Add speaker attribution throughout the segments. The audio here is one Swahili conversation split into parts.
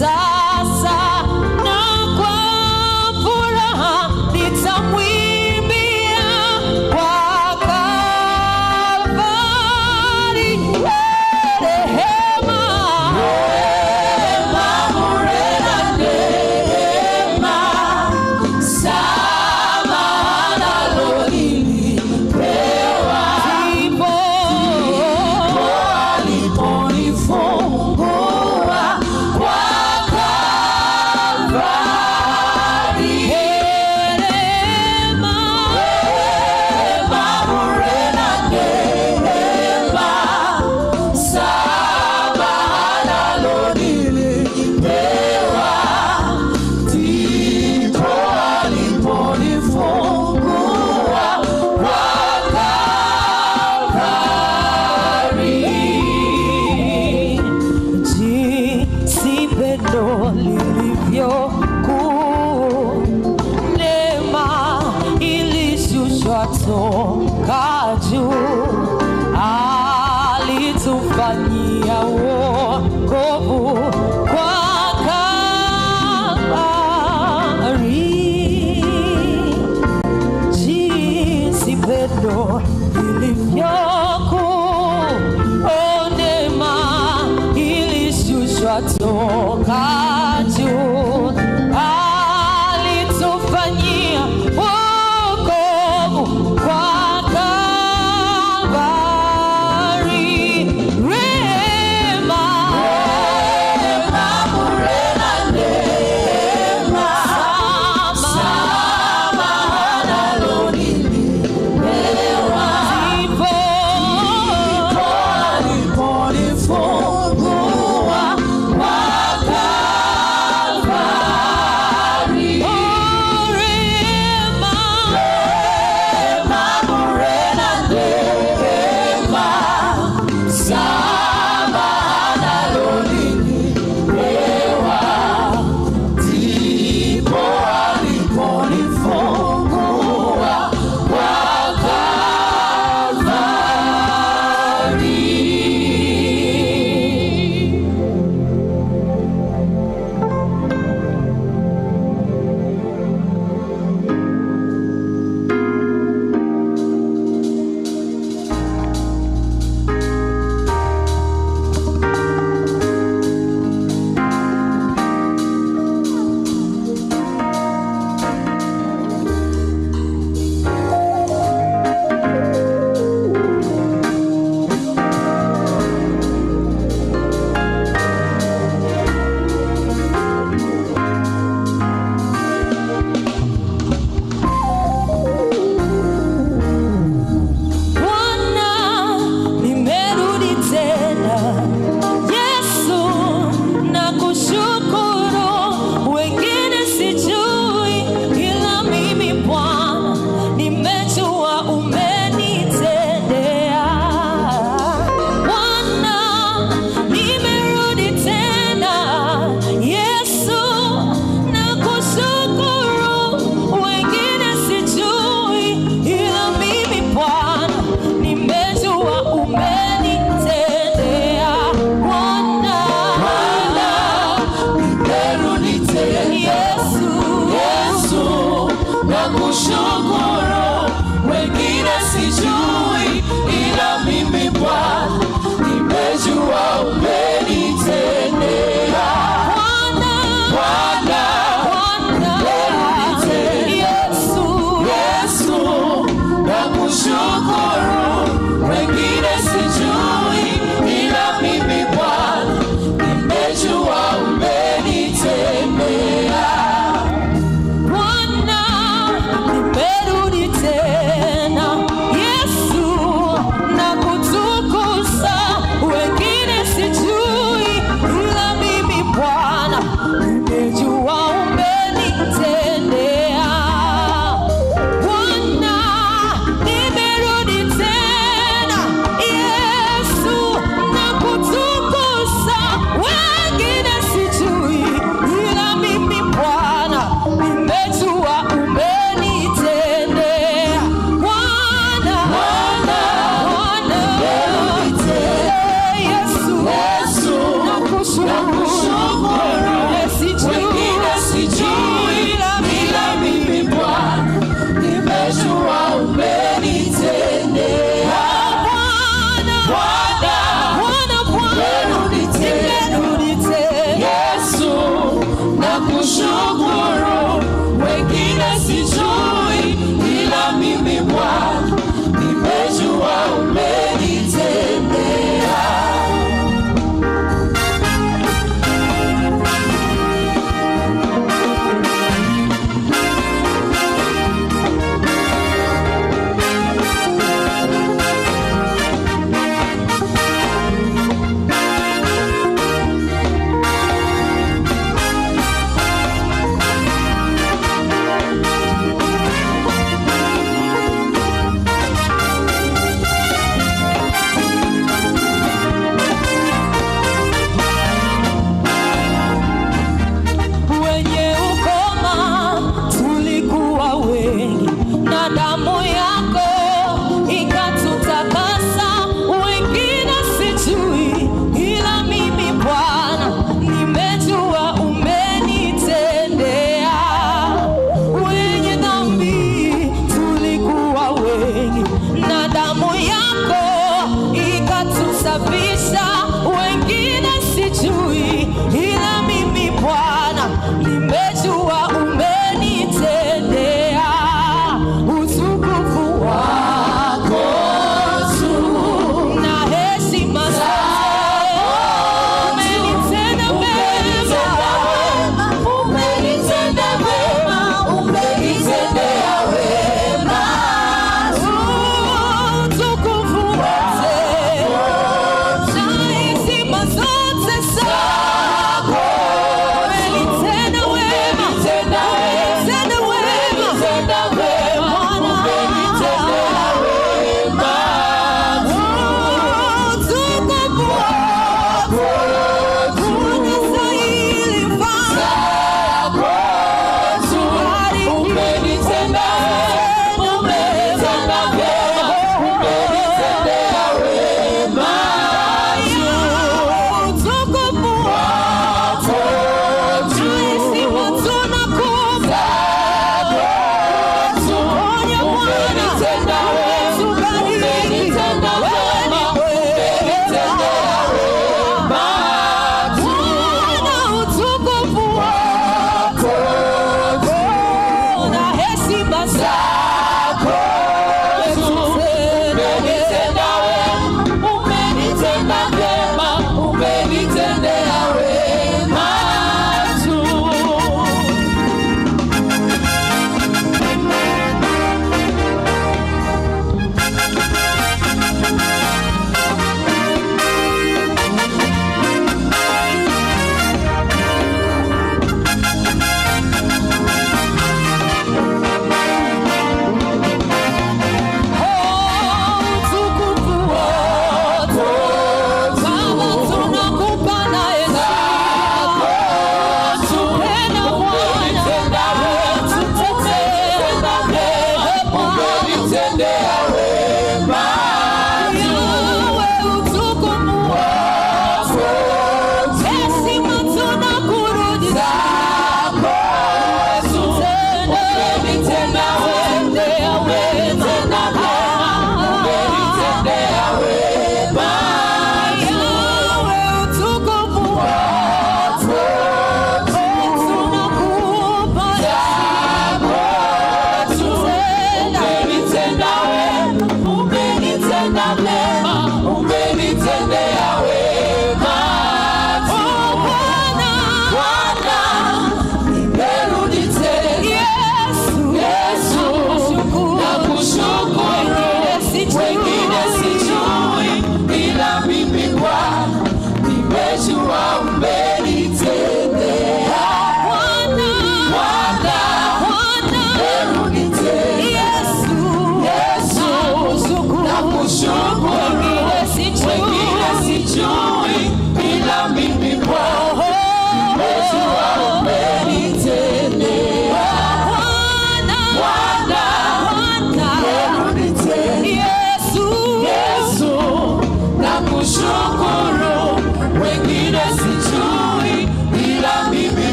Speaker 1: desire. God.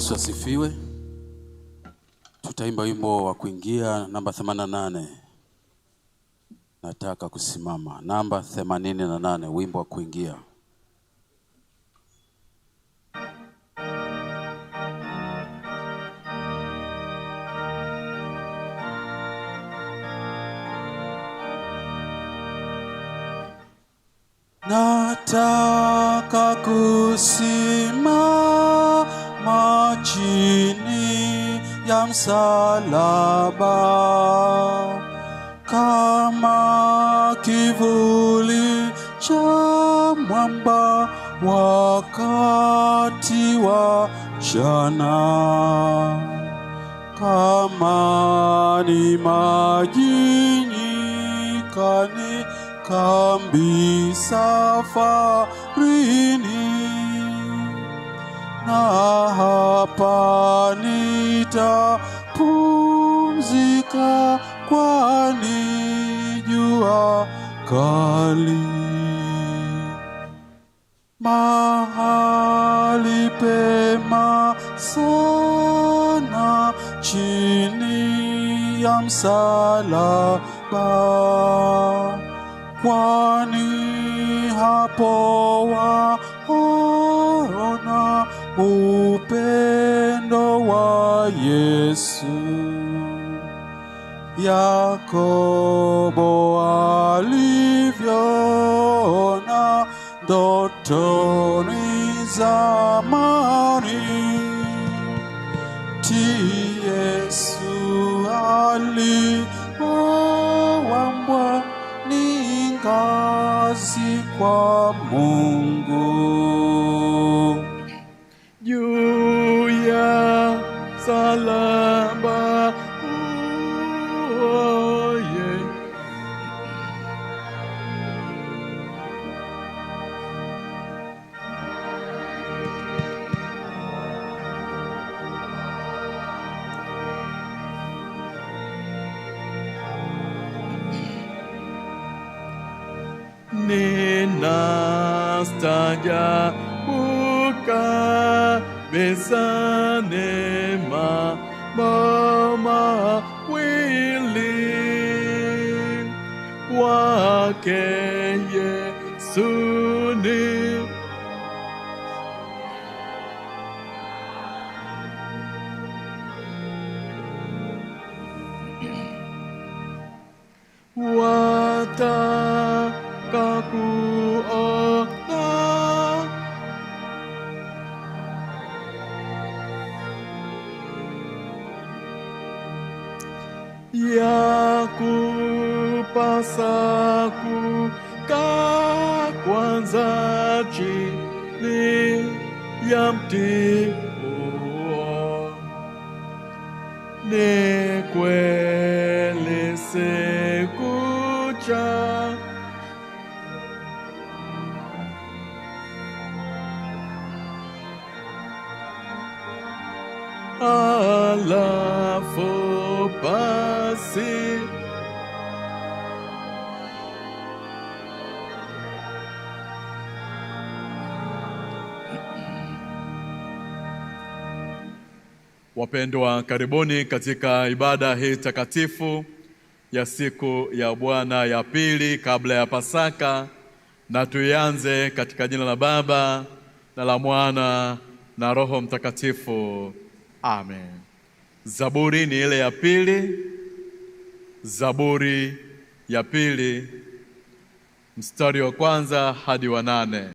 Speaker 2: Yesu asifiwe. Tutaimba wimbo wa kuingia namba 88. Nataka kusimama namba 88, wimbo wa kuingia.
Speaker 3: Nataka kusimama chini ya msalaba kama kivuli cha mwamba wakati wa mchana kama ni maji nyikani kambi safarini na hapa nitapumzika, kwani jua kali mahali pema sana chini ya msalaba, kwani hapo wa Yakobo alivyoona ndotoni zamani, ti Yesu alipowambwa ni ngazi kwa Mungu. à la
Speaker 2: Wapendwa, karibuni katika ibada hii takatifu ya siku ya Bwana ya pili kabla ya Pasaka, na tuianze katika jina la Baba na la Mwana na Roho Mtakatifu. Amen. Zaburi ni ile ya pili, Zaburi ya pili mstari wa kwanza hadi wa nane.